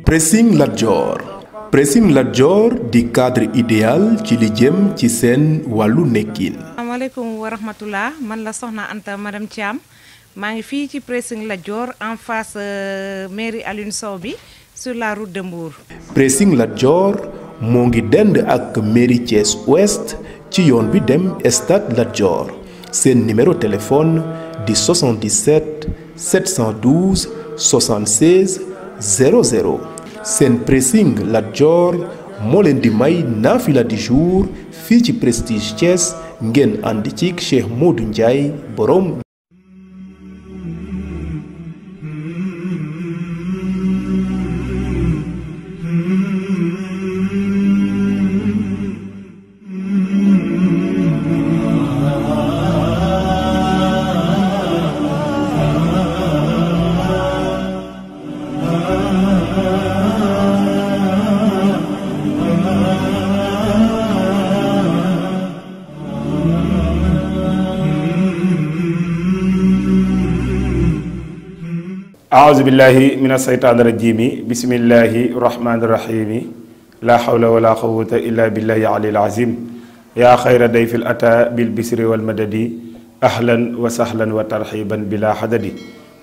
Pressing Lat Dior Pressing Lat Dior di cadre idéal ci li jëm ci seen wàllu nekkin. asalaamaaleykum wa rahmatullah man la soxna Anta madame Thiam maa ngi fii ci Pressing Lat en face euh, mairie Alioune Sow bi sur la route de Mbour. Pressing Lat Dior moo ngi dend ak mairie Thiès Ouest ci yoon wi dem stade Lat Dior seen numéro téléphone di 77 712 76. 0 0 seen pressing Lat Dior moo leen di may naafila di jour fii ci Prestige Thiès ngeen ànd ci Cheikh Modou Ndiaye borom. aouzu billahi min aseytaani rajimi bismillahi rahmaani rahimi laa xawla wala quwata illa billahi alil azim yaa xayra day fil ata bil bisri wal madadi ahlan wa sahlan wa tarxiban bila xadadi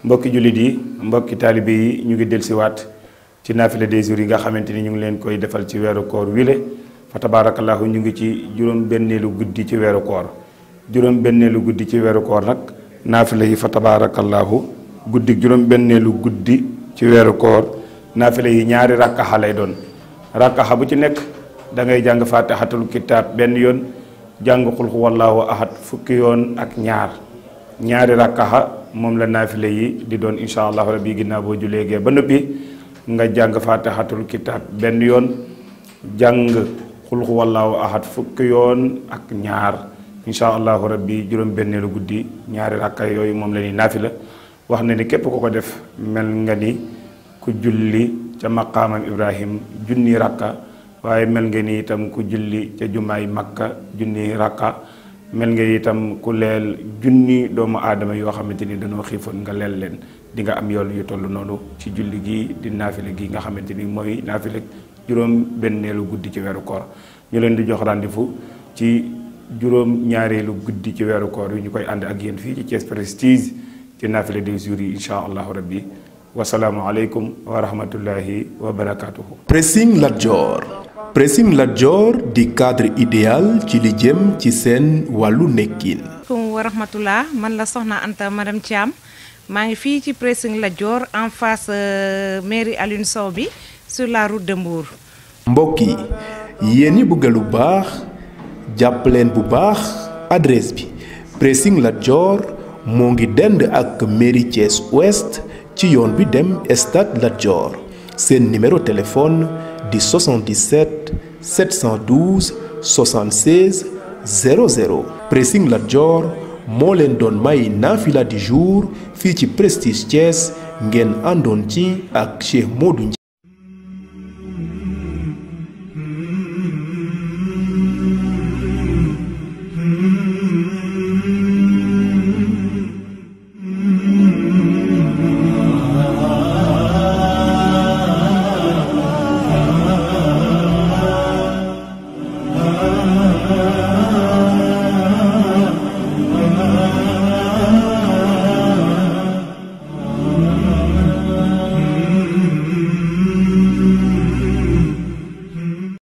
mbokki jullit yi mbokki taalibe yi ñu ngi dellusiwaat ci naafila des jours yi nga xamante ni ñu ngi leen koy defal ci weeru koor wile fa tabaarakallahu ñu ngi ci juróom benneelu guddi ci weeru koor juróom benneelu guddi ci weeru koor nag naafila yi fa tabaarakallahu guddi juróom-benneelu guddi ci weeru koor naafile yi ñaari rakkaxa lay doon rakkaxa bu ci nekk dangay jàng faatixatul kitaab benn yoon jàng xulxu wallaahu ahad fukki yoon ak ñaar ñaari rakkaxa moom la naafile di doon incha allahu rabi ginnaaw boo juleegee ba noppi nga jàng faatixatul kitaab benn yoon jàng xulxu wallaahu ahad fukki yoon ak ñaar incha allahu rabi juróom-benneelu guddi ñaari rakka yooyu moom la ñuy naafila wax na ni képp ku ko def mel nga ni ku julli ca maqaamam Ibrahim junni rakka waaye mel nga ni itam ku julli ca jumaay makka junni rakka mel nga itam ku leel junni doomu aadama yoo xamante ni dañoo xiifoon nga leel leen di nga am yoon yu toll noonu ci julli gi di naafile gi nga xamante ni mooy naafile juróom benneelu guddi ci weeru koor ñu leen di jox rendez ci juróom ñaareelu guddi ci weeru koor yi ñu koy ànd ak yenn fii ci Thiès Prestige ci naafile di jour yi incha allahu rabbi wasalaamualeykum wa rahmatullahi wa pressing Lat di cadre idéal ci li jëm ci seen wàllu nekkin. asalaamaaleykum man la soxna Anta madame Thiam maa ngi fii ci pressing Lat en face euh, mairie Alioune bi sur la route de Mbour. mbokk yi yéen ñi lu baax jàpp leen bu baax adresse bi pressing Lat mu ngi dend ak mairie Thiès Ouest ci yoon bi dem stade Lat Dior seen numéro téléphone di 77 712 76 00 pressing Lat Dior moo leen doon may naafila du jour fii ci Prestige Thiès ngeen àndoon ci ak Cheikh Modou